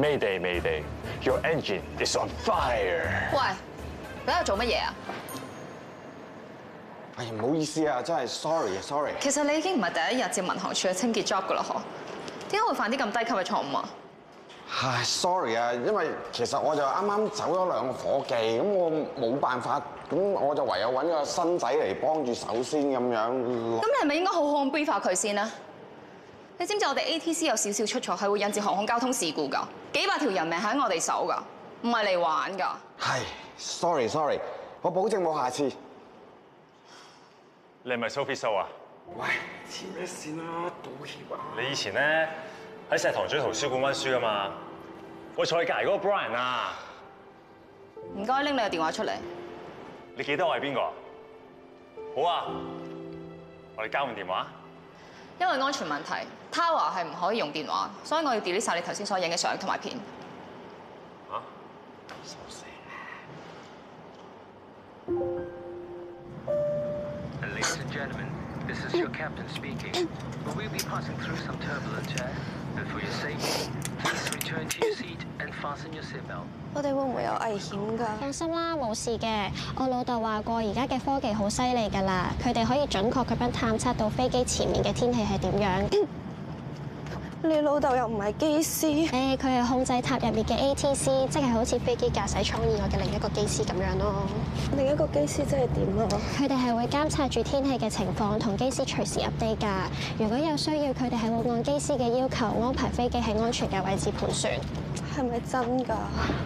Mayday Mayday，your engine is on fire。喂，你喺度做乜嘢啊？哎呀，唔好意思啊，真係 sorry 啊 sorry。其實你已經唔係第一日接民航處嘅清潔 job 噶啦嗬，點解會犯啲咁低級嘅錯誤啊？唉，sorry 啊，因為其實我就啱啱走咗兩個伙計，咁我冇辦法，咁我就唯有揾個新仔嚟幫住手先咁樣。咁你係咪應該好好 brief 佢先啊？你知唔知我哋 ATC 有少少出錯，係會引致航空交通事故㗎，幾百條人命喺我哋手㗎，唔係嚟玩㗎。係，sorry，sorry，我保證冇下次。你係咪 Sophie So 啊？喂，黐咩線啊？道歉啊！你以前咧喺石塘咀圖書館温書㗎嘛？我坐你隔籬嗰個 Brian 啊。唔該，拎你個電話出嚟。你記得我係邊個？好啊，我哋交換電話。因為安全問題，他話係唔可以用電話，所以我要 delete 晒你頭先所影嘅相同埋片啊。我哋會唔會有危險噶？放心啦，冇事嘅。我老豆話過，而家嘅科技好犀利噶啦，佢哋可以準確咁樣探測到飛機前面嘅天氣係點樣。你老豆又唔係機師？誒，佢係控制塔入面嘅 ATC，即係好似飛機駕駛艙以外嘅另一個機師咁樣咯。另一個機師即係點啊？佢哋係會監察住天氣嘅情況，同機師隨時 update 噶。如果有需要，佢哋係會按機師嘅要求安排飛機喺安全嘅位置盤旋。係咪真㗎？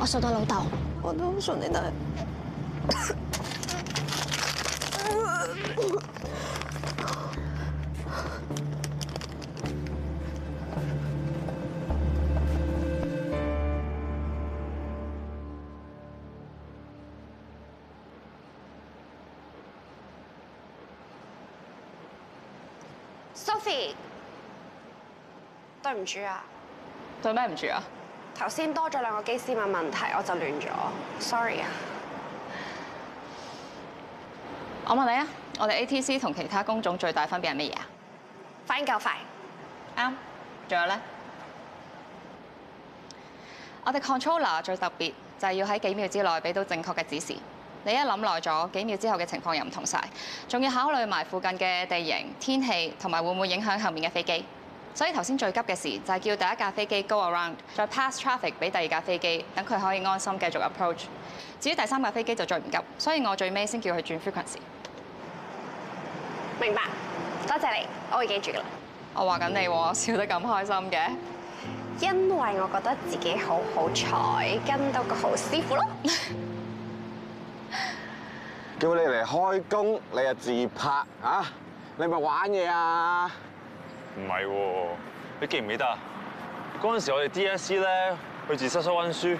我信到老豆，我都好信你哋。 Sophie，對唔住啊，對咩唔住啊？頭先多咗兩個機師問問題，我就亂咗，sorry 啊！我問你啊，我哋 ATC 同其他工種最大分別係乜嘢啊？反應夠快，啱。仲有咧，我哋 controller 最特別就係要喺幾秒之內俾到正確嘅指示。你一諗耐咗，幾秒之後嘅情況又唔同晒，仲要考慮埋附近嘅地形、天氣同埋會唔會影響後面嘅飛機。所以頭先最急嘅事就係叫第一架飛機 go around，再 pass traffic 俾第二架飛機，等佢可以安心繼續 approach。至於第三架飛機就最唔急，所以我最尾先叫佢轉 frequency。明白，多謝你，我會記住噶啦。我話緊你喎，笑得咁開心嘅，因為我覺得自己好好彩，跟到個好師傅咯。 叫你嚟開工，你又自拍啊？你咪玩嘢啊？唔係喎，你記唔記得啊？嗰陣時我哋 DSC 咧去自修室温書，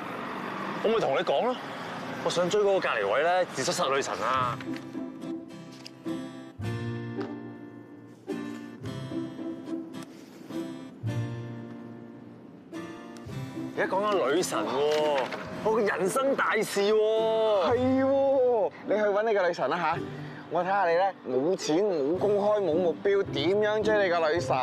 我咪同你講咯。我想追嗰個隔離位咧，自修室女神啊！而家講緊女神喎，我嘅人生大事喎、嗯。係喎，你去揾你個女神啦吓！我睇下你咧，冇錢、冇工開、冇目標，點樣追你個女神？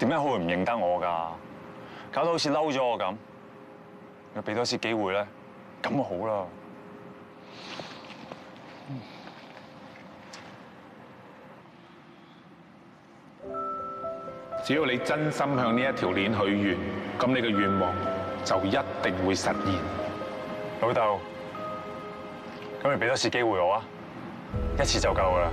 點解佢會唔認得我㗎？搞到好似嬲咗我咁，我俾多次機會咧，咁就好啦。嗯。只要你真心向呢一條鏈許願，咁你嘅願望就一定會實現。爸爸。老豆，咁你俾多次機會我啊，一次就夠啦。